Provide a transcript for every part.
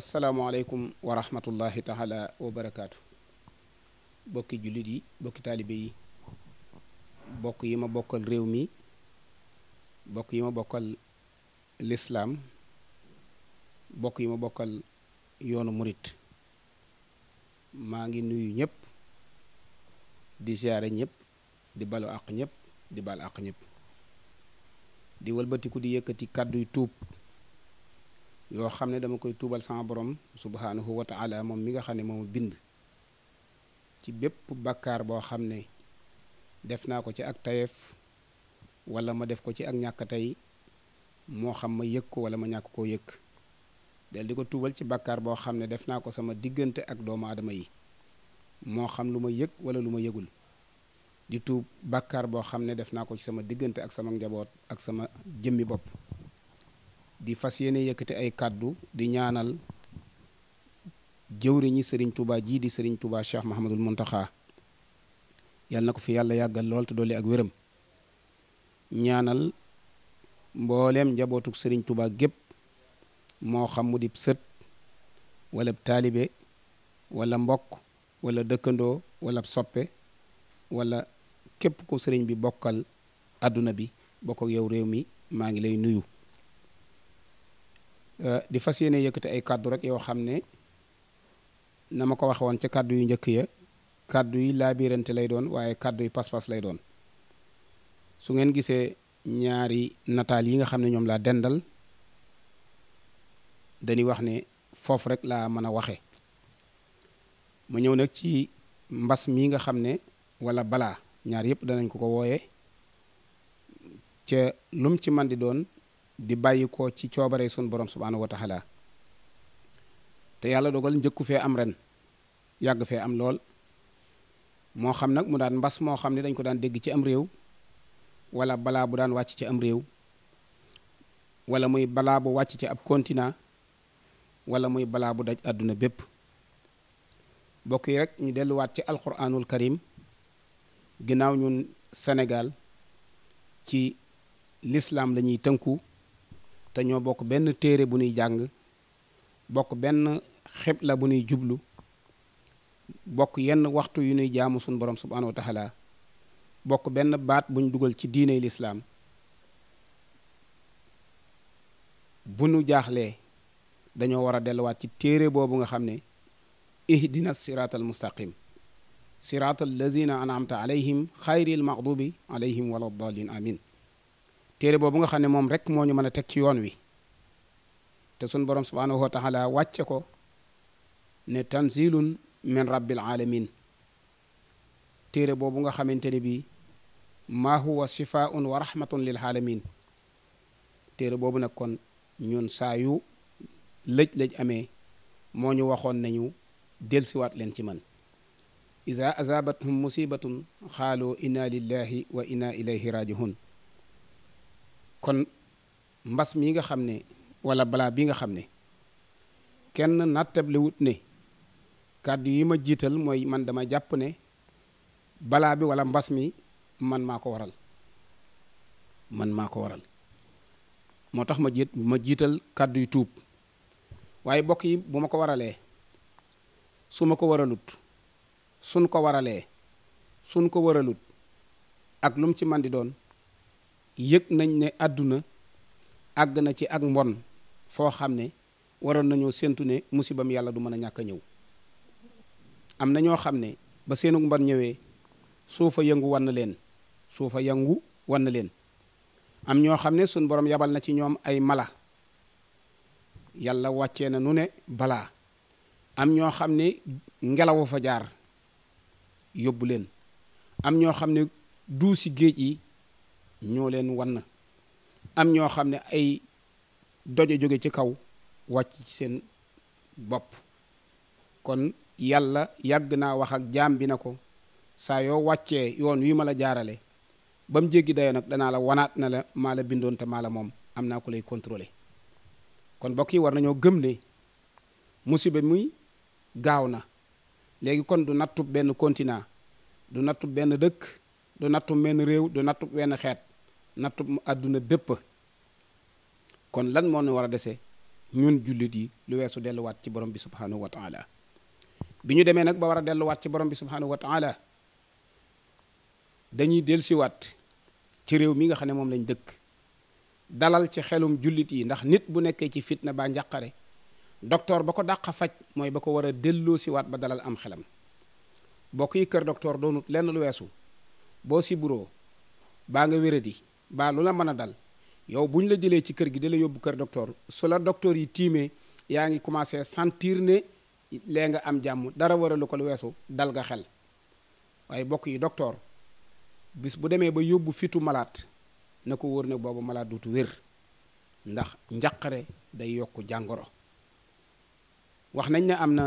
asalaamualeykum wa rahmatullahi taala wa barakaatu bokki jullit yi bokki taalibe yi bokk yi ma bokkal réew mi bokk yi ma bokkal lislaam bokk yi ma bokkal yoonu murit maa ngi nuyu ñëpp di siyaare ñépp di balu àq ñépp di bal àq ñépp di walbatiku di yëkkati kàdduy tuub yoo xam ne dama koy tuubal sama borom subhaanahu wa taala moom mi nga xam ne moom bind ci bépp bàkkaar boo xam ne def naa ko ci ak tayeef wala ma def ko ci ak ñàkk moo xam ma yëg ko wala ma ñàkk koo yëg del di ko tuubal ci bàkkaar boo xam ne def naa ko sama diggante ak doomu aadama yi moo xam lu ma yëg wala lu ma yëgul di tuub bàkkaar boo xam ne def naa ko ci sama diggante ak sama njaboot ak sama jëmmi bopp di fas yéene yëkkati ay kàddu di ñaanal jëwriñi sëriñ Touba jii di sëriñ Touba Cheikh Mahamadul Muntaxa yàlla na ko fi yàlla yàggal lool te dolli ak wéram ñaanal mbooleem njabootuk sëriñ Touba gépp moo xam mu di sët wala taalibe wala mbokk walla dëkkandoo wala soppe wala képp ku sëriñ bi bokkal àdduna bi bokk yow réew mi maa ngi lay nuyu Euh, di fas yéene yëkkati ay kàddu rek yoo xam ne na ma ko waxe woon ca kàddu yu njëkk ya kàddu yi laabirante lay doon waaye kàddu yi pas-pas lay doon su ngeen gisee ñaari nataal yi nga xam ne ñoom laa dendal dañuy wax ne foofu rek laa mën a waxe ma ñëw nag ci mbas mi nga xam ne walla balaa ñaar yëpp danañ ko ko wooye ca lum ci man di doon di bàyyi ko ci coobare sun borom subhaanahu wa taala te yàlla dogal njëkku fee am ren yàgg fee am lool moo xam nag mu daan mbas moo xam ne dañ ko daan dégg ci am réew walla balaa bu daan wàcc ci am réew wala muy balaa bu wàcc ci ab continent wala muy balaa bu daj àdduna bépp bokk yi rek ñu delluwaat ci alquranul karim ginnaaw ñun senegal ci lislaam la tënku te ñoo bokk benn téere bu ñuy jàng bokk benn xibla bu ñuy jublu bokk yenn waxtu yu ñuy jaamu suñu borom subhaanahu wa bokk benn baat buñ dugal ci diine lislaam bu nu jaaxlee dañoo war a delluwaat ci téere boobu nga xam ne ihdina siraatal mustaqim siraatal lazina anamta alayhim xayril maxdubi alayhim wala dalin amin téere boobu nga xam ne moom rek moo ñu mën a teg ci yoon wi te sun borom subhaanahu wa taala wàcce ko ne tanzilun min rabbil alamin téere boobu nga xamante ne bii maa huwa shifaun wa rahmatun lil alamin téere boobu nag kon ñun saayu yu lëj-lëj amee moo ñu waxoon nañu delsiwaat leen ci man ida azabathum musibatun xaalu ina lillahi wa inna ilayhi rajihun kon mbas mi nga xam ne wala balaa bii nga xam ne kenn nattable wut ne kàddu yi ma jiital mooy man dama jàpp ne balaa bi wala mbas mi man maa ko waral man maa ko waral moo tax ma jiit ma jiital kàddu yu tuub waaye bokk yi bu ma ko waralee su ma ko waralut suñ ko waralee suñ ko waralut ak lu ci man di doon yëg nañ ne àdduna àgg na ci ak mbon foo xam ne waroon nañoo séntu ne musibam yàlla du mën a ñàkk a ñëw am na ñoo xam ne ba seenug mbon ñëwee suufa yëngu wan na leen suufa yëngu wan na leen am ñoo xam ne suñ borom yabal na ci ñoom ay mala yàlla wàcce na nu ne balaa am ñoo xam ne ngelawu fa jaar yóbbu leen am ñoo xam ne duusi géej yi ñoo leen wan am ñoo xam ne ay dojo jóge ci kaw wàcc ci seen bopp kon yàlla yàgg naa wax ak jaam bi na ko saa yoo wàccee yoon wii ma la jaarale ba mu jéggi dayoo nag danaa la wanaat na la maa la bindoon te maa la moom am naa ko lay contrôler kon mbokk yi war nañoo gëm ne musiba muy gaaw na léegi kon du nattu benn continent du nattu benn dëkk du nattu benn réew du nattu wenn xeet nattu àdduna bépp kon lan moo ñu war a dese ñun jullit yi lu weesu delluwaat ci borom bi subhanahu wa taala bi ñu demee nag ba war a delluwaat ci borom bi subhanahu wa taala dañuy dellusiwaat ci réew mi nga xam ne moom lañ dëkk dalal ci xelum jullit yi ndax nit bu nekkee ci fitna baa njàqare docteur ba ko dàq faj mooy ba ko war a delloosiwaat ba dalal am xelam bokk yi kër docteur doonut lenn lu weesu boo si baa nga wéradi baa lu la mën a dal yow bu ñu la jëlee ci kër gi di la yóbbu kër docteur su la docteur yi tiimee yaa ngi commencé sentir ne lee nga am jàmm dara waralu ko lu weesu dal ga xel waaye bokk yi docteur bis bu demee ba yóbbu fitu malaat na ko wóor ne boobu malaat duutu wér ndax njaqare day yokk jàngoro wax nañ ne am na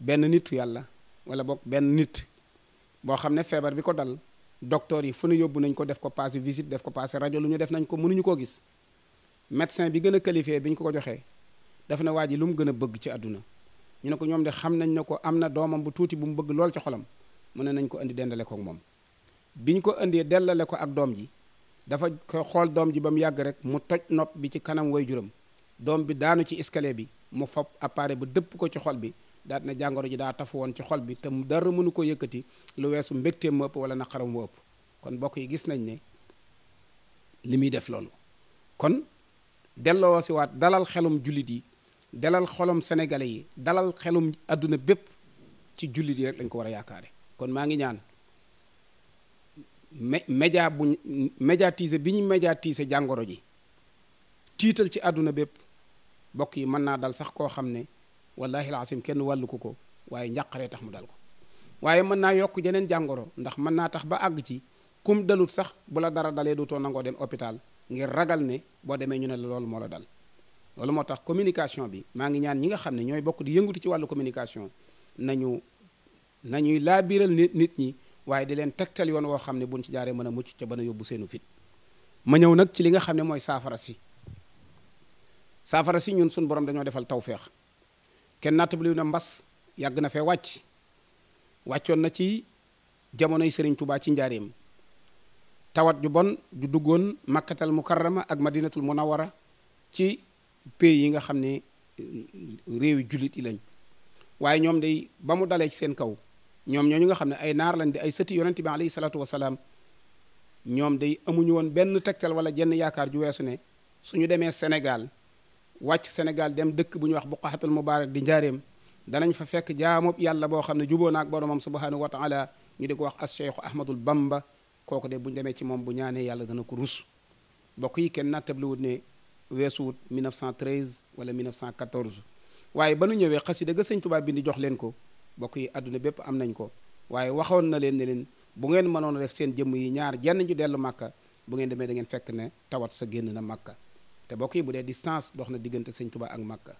benn nitu yàlla wala bokk benn nit boo xam ne feebar bi ko dal docteur yi fu ne yóbbu nañ ko def ko passé visite def ko passé rajo lu ñu def nañ ko mënuñu koo gis médecin bi gën a qualifié bi ñu ko ko joxee dafa ne waa ji lu mu gën a bëgg ci àdduna ñu ne ko ñoom de xam nañ ne ko am na doomam bu tuuti bu mu bëgg lool ci xolam mu ne nañ ko indi dendale ko moom bi ñu ko indee dellale ko ak doom ji dafa ko xool doom ji ba mu yàgg rek mu toj nopp bi ci kanam way juróom doom bi daanu ci escalier bi mu fob appareil bu dëpp ko ci xol bi daat na jàngoro ji daa taf woon ci xol bi te dara mënu koo yëkkati lu weesu mbégteem mu ëpp wala naqaram mu ëpp kon mbokk yi gis nañ ne li muy def loolu kon delloo si waat dalal xelum jullit yi dalal xolom sénégalais yi dalal xelum àdduna bépp ci jullit yi rek lañ ko war a yaakaare kon maa ngi ñaan mé média bu médiatiser bi ñu médiatiser jàngoro ji tiital ci àdduna bépp mbokk yi mën naa dal sax koo xam ne wallahi alazim kenn wàllu ko ko waaye njàqaree tax mu dal ko waaye mën naa yokk jeneen jàngoro ndax mën naa tax ba àgg ci kum dalut sax bu la dara dalee too nangoo dem hôpital ngir ragal ne boo demee ñu ne la loolu moo la dal loolu moo tax communication bi maa ngi ñaan ñi nga xam ne ñooy bokk di yëngutu ci wàllu communication nañu nañuy laabiral nit nit ñi waaye di leen tegtal yoon woo xam ne buñ ci jaaree mën a mucc ca bana yóbbu seenu fit ma ñëw nag ci li nga xam ne mooy saafara si saafara si ñun suñu borom dañoo defal tawféex kenn nattable na mbas yàgg na fee wàcc wàccoon na ci jamonoy Serigne Touba ci njaareem tawat ju bon ju duggoon makkatal mukarrama ak madinatul munawara ci pays yi nga xam ne euh, réewi jullit yi lañ waaye ñoom day ba mu dalee ci seen kaw ñoom ñoo ñooñu nga xam ne ay naar lañ di ay sëti yonente bi alayhi salaatu ñoom day amuñu woon benn tegtal wala jenn yaakaar ju weesu ne su ñu demee Sénégal wàcc Sénégal dem dëkk bu ñuy wax buqaxatul mubaarak di njaareem danañ fa fekk jaamoob yàlla boo xam ne juboo naak boromam subhanahu wa taala ñu di ko wax as cheikhu ahmadul bamba kooku de bu ñu demee ci moom bu ñaanee yàlla dana ko rus bokk yi kenn nattabliwut ne weesuwut 1913 wala 1914 waaye ba nu ñëwee xas yi xasida ga tubaab bi di jox leen ko bokk yi àdduna bépp am nañ ko waaye waxoon na leen ne leen bu ngeen mënoon a def seen jëmm yi ñaar jenn ju dellu màkka bu ngeen demee da fekk ne tawat sa génn na màkka te bokk yi bu dee distance dox na diggante sëñ Tuubaa ak Makka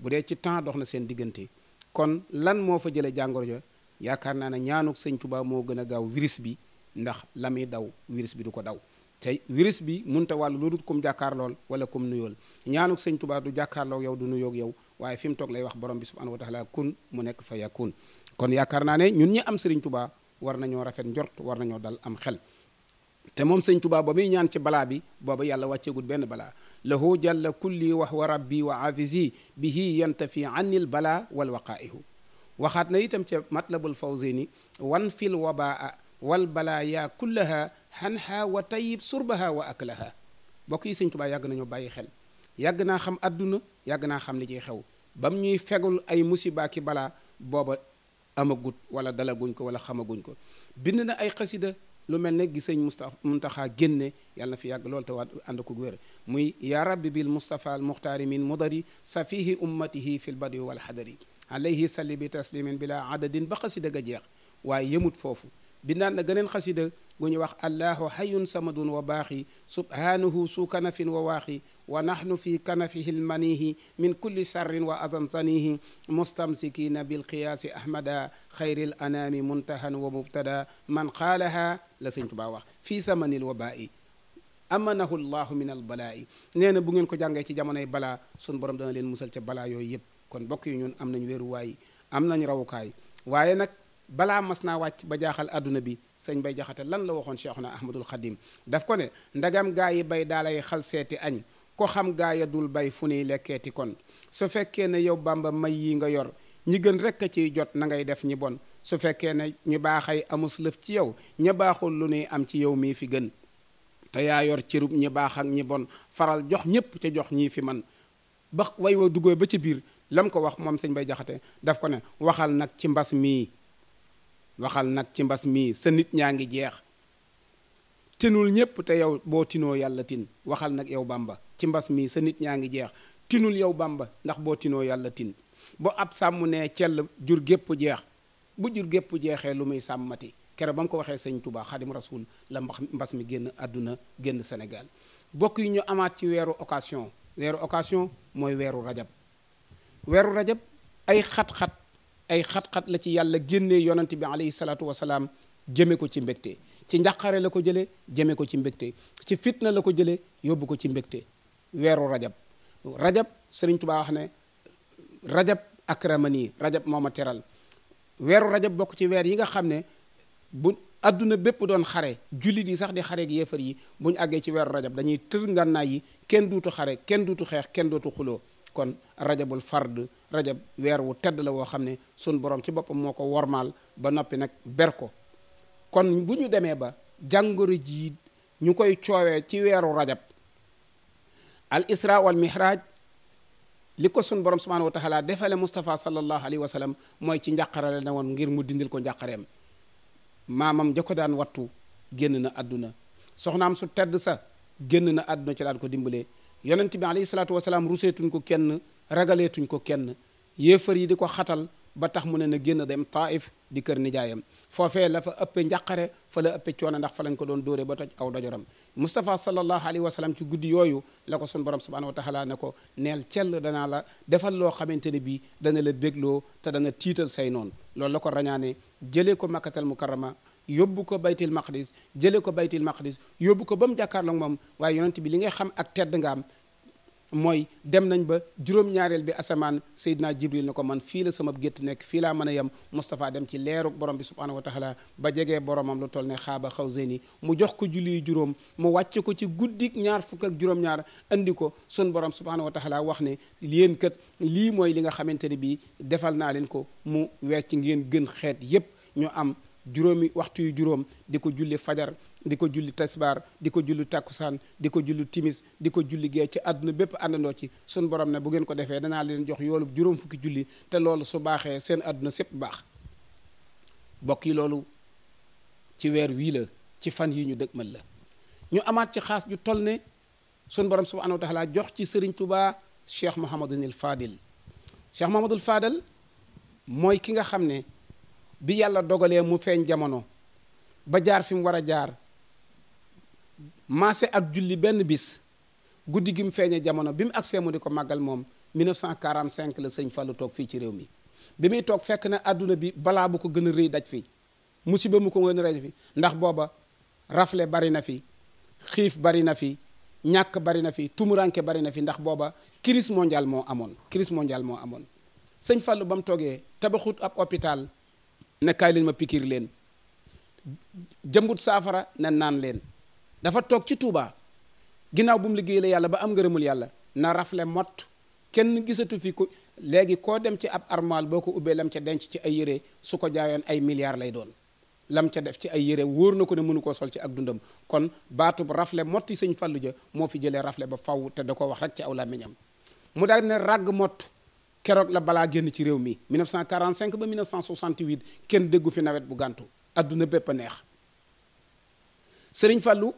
bu dee ci temps dox na seen diggante kon lan moo fa jëlee jàngoro ja yaakaar naa ne ñaanuk sëñ tubaa moo gën a gaaw virus bi ndax la muy daw virus bi du ko daw te virus bi munta wàllu lu dul kum jàkkaarlool wala kum nuyool ñaanuk sëñ Tuubaa du jàkkaarloog yow du nuyoog yow waaye fi mu toog lay wax borom bi subhaanahu wa taala kun mu nekk fa yakun kon yaakaar naa ne ñun ñi am sëriñ Tuubaa war nañoo rafet njort war nañoo dal am xel te moom sëñ tubaab ba muy ñaan ci balaa bi booba yàlla wàcceegul benn balaa lahu jàlla kulli wax wa rabbi wa aafisi bihi yantafi anil balaa wal waqaaihu waxaat na itam ca matlabul fawzini wan fil wabaa wal balaa yaa kullaha xanha wa tayib surbaha wa aklaha bokk yi sëñ tubaa yàgg nañoo bàyyi xel yàgg naa xam àdduna yàgg naa xam li ciy xew bam ñuy fegul ay musiba ki balaa booba amagut wala dalaguñ ko wala xamaguñ ko bind lu mel ne gi sëñ Moustapha Muntaxa génne yàlla fi yàgg lool te waa ànd ko wér muy yaa rabbi bi Moustapha al muxtaari min sa safihi ummatihi fil badi waa xadari alayhi salli bi taslimin bila adadin ba xasida ga jeex waaye yëmut foofu bindaan na gëneen xasida gu ñu wax allahu hayun samadun wa baaxi subhaanahu su kanafin wa waaxi wa nahnu fi kanafihi lmanihi min kulli sharrin wa adantanihi mustamsikina bilqiyaasi ahmada xayri l anaami muntahan wa mubtada man qaalaha la sëñ Tubaa wax fii samanil wabaa'i amanahu llahu min albalaa'i nee na bu ngeen ko jàngee ci jamonoy balaa sun borom dana leen musal ca balaa yooyu yëpp kon mbokk yi ñun am nañ wéeruwaay am nañ rawukaay waaye nag balaa mas naa wàcc ba jaaxal àdduna bi sëñ bay jaxate lan la waxoon Cheikhuna Ahmadul Xadim daf ko ne ndegam gaa yi bay daalay xal seeti añ ko xam gaa ya dul bay fu nuy lekkeeti kon su fekkee ne yow bamba may yi nga yor ñi gën rekk a ciy jot na ngay def ñi bon su fekkee ne ñi baaxay amus lëf ci yow ña baaxul lu nuy am ci yow mii fi gën te yaa yor cërub ñi baax ak ñi bon faral jox ñépp te jox ñii fi man ba way wa duggoo ba ci biir lam ko wax moom sañ bay jaxate daf ko ne waxal nag ci mbas mii waxal nag ci mbas mii sa nit ñaa ngi jeex tinul ñépp te yow boo tinoo yàlla tin waxal nag yow bàmba ci mbas mii sa nit ñaa ngi jeex tinul yow bàmba ndax boo tinoo yàlla tin bu ab sàmm nee cell jur gépp jeex bu jur gépp jeexee lu muy sàmmati kere ba mu ko waxee sëñ Touba xadim rasul la mbax mbas mi génn àdduna génn senegal bokk yi ñu amaat ci weeru occasion weeru occasion mooy weeru rajab weeru rajab ay xat-xat ay xat-xat la ci yàlla génnee yonante bi alayhi salaatu wasalaam jëme ko ci mbégte ci njàqare la ko jëlee jëme ko ci mbégte ci fitna la ko jële yóbbu ko ci mbégte weeru rajab rajab sëriñ Tuubaa wax ne rajab akramani rajab moo ma teral weeru rajab bokk ci weer yi nga xam ne bu adduna bépp doon xare jullit yi sax di xareek ak yéefar yi bu àggee ci weeru rajab dañuy tër ngànnaay yi kenn duutu xare kenn duutu xeex kenn dootu xuloo kon rajabul fard rajab weer wu tedd la woo xam ne sun boroom ci boppam moo ko wormaal ba noppi nag ber ko kon bu ñu demee ba jàngoro ji ñu koy coowee ci weeru rajab al isra wal mihraj li ko sun borom subhanahu wa taala defale mustafaa sallallahu alayhi wa mooy ci njàqarale ne woon ngir mu dindil ko njàqareem maamam ja daan wattu génn na àdduna soxnaam su tedd sa génn na àdduna ci daan ko dimbalee yonent bi alayhi salaatu wasalaam ruseetuñ ko kenn ragaleetuñ ko kenn yéefar yi di ko xatal ba tax mu ne na génn dem Taif di kër nijaayam foofee la fa ëppe njàqare fa la ëppe coono ndax fa lañ ko doon dóore ba toj aw dojoram Moustapha sallallahu alayhi wa sallam ci guddi yooyu la ko sun borom subhanahu wa taala ne ko neel cell danaa la defal loo xamante ne bii dana la bégloo te dana tiital say noon loolu la ko rañaane jëlee ko makkatal mukarrama yóbbu ko baytil maqdis jële ko baytil maqdis yóbbu ko ba mu jàkkaarloog moom waaye yonent bi li ngay xam ak tedd nga am mooy dem nañ ba juróom-ñaareel bi asamaan Seydina Jibril ne ko man fii la sama gétt nekk fii laa mën a yem Moustapha dem ci leeru borom bi subhaanahu wa taala ba jegee boromam lu toll ne xaaba xaw zeni mu jox ko julli juróom mu wàcc ko ci guddik ñaar fukk ak juróom-ñaar andi ko sun borom subhaanahu wa taala wax ne yéen kat lii mooy li nga xamante ne bii defal naa leen ko mu wecc ngeen gën xeet yépp ñu am juróomi waxtu yu juróom di ko julli fajar di ko julli tasbaar di ko julli takkusaan di ko julli timis di ko julli gee ci àdduna bépp àndandoo ci sun borom ne bu ngeen ko defee danaa leen jox yoolu juróom fukki julli te loolu su baaxee seen àdduna sépp baax bokk yi loolu ci weer wii la ci fan yi ñu dëgmal la ñu amaat ci xaas ju toll ne sun borom su subhaanahu wa laa jox ci sëriñ tubaa cheikh mohamadunil fadil cheikh mohamadul fadal mooy ki nga xam ne bi yàlla dogalee mu feeñ jamono ba jaar fi mu war a jaar maase ak julli benn bis guddi gi mu feeñee jamono bi mu agsee mu di ko màggal moom cinq la sëñ Fallou toog fii ci réew mi bi muy toog fekk na àdduna bi balaa bu ko gën a rëy daj fi musiba mu ko gën a rëy fi ndax booba rafle bari na fi xiif bari na fi ñàkk bari na fi tumuranke bari na fi ndax booba crise mondiale moo amoon crise mondiale moo amoon sëñ Fallou ba mu toogee ne kaay leen ma pikir leen jëmbut saafara ne naan leen dafa toog ci tuubaa ginnaaw bu mu liggéey la yàlla ba am ngërëmul yàlla na rafle mott kenn gisatu fi ko léegi koo dem ci ab armal boo ko ubbee lam ca denc ci ay yére su ko jaayoon ay milliards lay doon lam ca def ci ay yére wóor na ko ne mënu koo sol ci ak dundam kon baatub rafle motti sëñ Fallu ja moo fi jëlee rafle ba faw te da ko wax rek ci aw làmmiñam mu daal ràgg mott keroog la balaa génn ci réew mi 1945 ba 1968 kenn déggu fi nawet bu gàntu àdduna bépp a neex sëriñ Fallou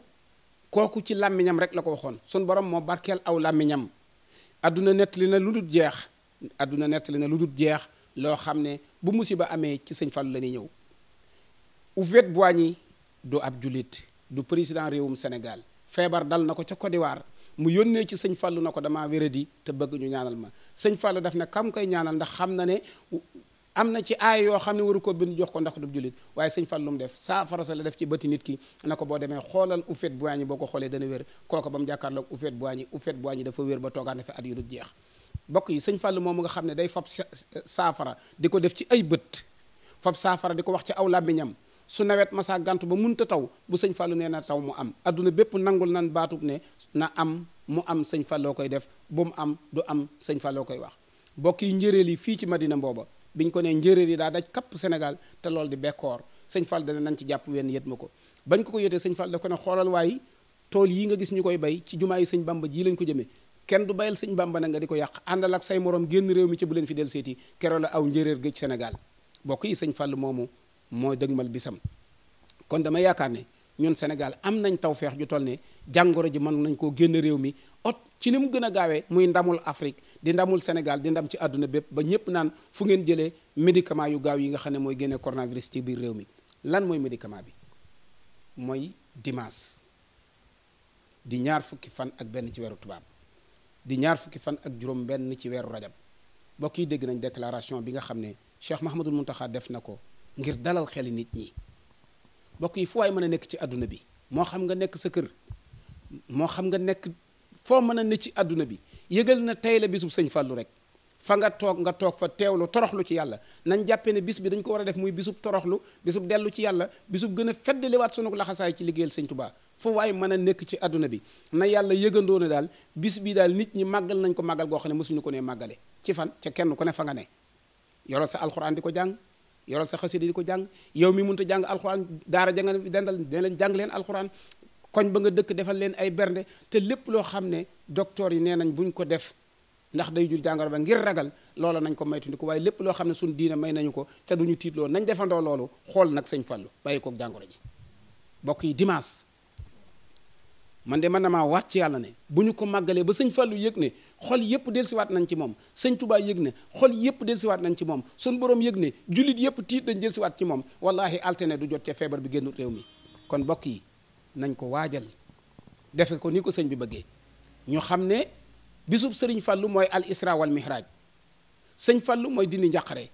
kooku ci làmmiñam rek la ko waxoon sun borom moo barkeel aw làmmiñam àdduna nettali na lu dul jeex àdduna nettali na lu dul jeex loo xam ne bu musiba amee ci sëñ Fallou la ñuy ñëw Houphouët-Boigny du ab julit du président réewum senegal feebar dal na ko ca Côte mu yónnee ci sëñ fallu na ko damaa wéradi te bëgg ñu ñaanal ma sëñ Fallou daf ne kam koy ñaanal ndax xam na ne am na ci aay yoo xam ne waru koo bind jox ko ndax du jullit waaye sëñ Fallou mu def saafara sa la def ci bëti nit ki na ko boo demee xoolal ufet bu xoolee dana wér kooka ba mu jàkkaarloog ufet bu waañi ufet bu waañi dafa wér ba toogaan na fi at yu dul jeex bokk yi sëñ Fallou moomu nga xam ne day fab saafara di ko def ci ay bët fab saafara di ko wax ci aw làmmiñam su nawet masaa gàntu ba munta taw bu sëñ Fallou nee na taw mu am àdduna bépp nangul nan baatub ne na am mu am sëñ Fallou koy def bu mu am du am sëñ Fallou koy wax bokk yi njëréel yi fii ci Madina Mbooba bi ñu ko nee njëréel yi daa daj kapp Sénégal te loolu di bekkoor sëñ Fall dana nañ ci jàpp wenn yët ma ko bañ ko ko yëtee sëñ Fall da ko ne xoolal waaye tool yi nga gis ñu koy bay ci jumaa yi sëñ Bamba ji lañ ko jëmee kenn du bayal sëñ Bamba na nga di ko yàq àndal ak say morom génn réew mi ci bu leen fi del seeti keroo la aw njëréer géej Sénégal bokk yi sëñ Fall moomu moo dëgmal bisam kon dama yaakaar ne ñun senegal am nañ tawféex ju toll ne jàngoro ji mën nañ koo génn réew mi ot ci ni mu gën a gaawee muy ndamul Afrique di ndamul Sénégal di ndam ci àdduna bépp ba ñëpp naan fu ngeen jëlee médicament yu gaaw yi nga xam ne mooy génne coronavirus ci biir réew mi lan mooy médicament bi mooy dimaas di ñaar fukki fan ak benn ci weeru tubaab di ñaar fukki fan ak juróom benn ci weeru rajab mbokk yi dégg nañ déclaration bi nga xam ne Cheikh Mahamadul Muntaxa def na ko ngir dalal xeli nit ñi mbokk yi fu waay mën a nekk ci àdduna bi moo xam nga nekk sa kër moo xam nga nekk foo mën a ne ci àdduna bi yëgal na tey la bisub sëñ Fallou rek fa nga toog nga toog fa teew teewlu toroxlu ci yàlla nañ jàppee ne bis bi dañ ko war a def muy bisub toroxlu bisub dellu ci yàlla bisub gën a feddaliwaat sunu laxasaay ci liggéeyal sañ tubaa fu waay mën a nekk ci àdduna bi na yàlla yëgandoo ne daal bis bi daal nit ñi màggal nañ ko màggal goo xam ne mosuñu ko ne màggale ci fan ca kenn ku ne fa nga ne yoroo sa alxuraan di ko jàng yoral sa xasida di ko jàng yow mii mun a jàng alxuraan daara janga dendal ne leen jàng leen alxuraan koñ ba nga dëkk defal leen ay bernde te lépp loo xam ne docteur yi nee nañ buñ ko def ndax day jul jàngoro ba ngir ragal loola nañ ko maytundiku waaye lépp loo xam ne suñ diina may nañu ko te duñu tiitloo nañ defandoo loolu xool nag sañ Fallu bàyyi kook jàngoro ji mbokk yi dimanche man de man na maa waat ci yàlla ne bu ñu ko màggalee ba sëñ Fallou yëg ne xol yëpp dellusiwaat nañ ci moom sëñ Touba yëg ne xol yëpp dellusiwaat nañ ci moom sun borom yëg ne jullit yëpp tiit dañ dellusiwaat ci moom wallahi altine du jot ca feebar bi génnut réew mi kon mbokk yi nañ ko waajal defe ko ni ko sëñ bi bëggee ñu xam ne bisub sëriñ fàllu mooy al isra wal mihraj sëñ Fallou mooy dindi njàqare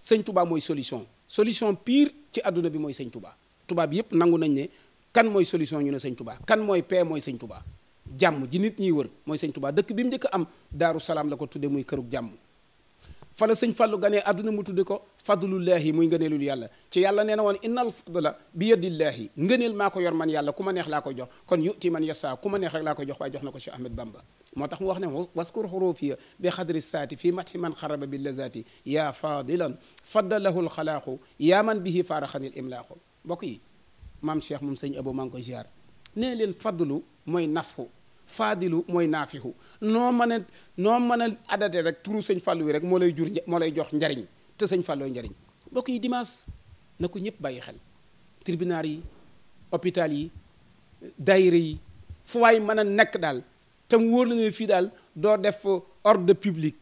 sëñ Touba mooy solution solution piir ci àdduna bi mooy sëñ Touba tubaab yëpp nangu nañ ne kan mooy solution ñu ne sëñ tubaa kan mooy paix mooy sëñ tubaa jàmm ji nit ñiy wër mooy sañ tubaa dëkk bi mu njëkk am daaru salaam la ko tudde muy kërug jàmm fala sëñ fàllu ganee àdduna mu tudde ko fadlullaahi muy ngëneelul yàlla ci yàlla nee na woon innal fadla bi yadillaahi ngëneel maa ko yor man yàlla ku ma neex laa ko jox kon yuti man yassa ku ma neex rek laa koy jox waaye jox na ko Cheikh Ahmed Bamba moo tax mu wax ne waskur xurufiya bi xadri saati fii mathi man xaraba bi lazati yaa fadilan faddalahu lxalaaqu yaa man bihi faaraxanil imlaaqu mbokk yi maam Cheikh moom sëñ Abo maa ngi koy ziar nee leen faddlu mooy nafxu faadilu mooy naafixu noo mën a noo mën a adate rek turu sëñ Fallou rek moo lay jur moo lay jox njariñ te sëñ Fallooy njariñ mbokk yi dimanche na ko ñëpp bàyyi xel tribunal yi hôpital yi daayira yi fu waay mën a nekk daal tam wóor na fii daal doo def ordre public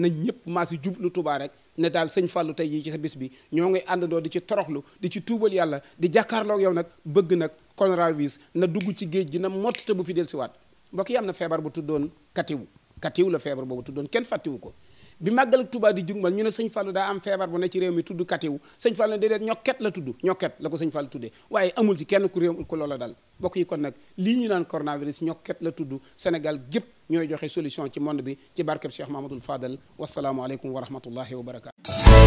na ñëpp maa si jublu Tuubaa rek ne daal sëñ Fallou tey jii ci sa bis bi ñoo ngi àndandoo di ci toroxlu di ci tuubal yàlla di jàkkaarloog yow nag bëgg nag coronavirus na dugg ci géej gi na mott te bu fi dellusiwaat mbokk yi am na feebar bu tuddoon katiw katiw la feebar boobu tuddoon kenn fàttiwu ko bi màggal Touba di jug ñu ne sëñ Fallou daa am feebar bu ne ci réew mi tudd katiwu sëñ Fallou ne déedéet ñokket la tudd ñokket la ko sëñ Fallou tuddee waaye amul ci kenn ku réew ku loola dal bokk yi kon nag lii ñu naan coronavirus ñokket la tudd Sénégal gépp ñooy joxe solution ci monde bi ci barkeb Cheikh Mahamadoul Fadal wasalaamualeykum wa rahmatullahi wa barakaatu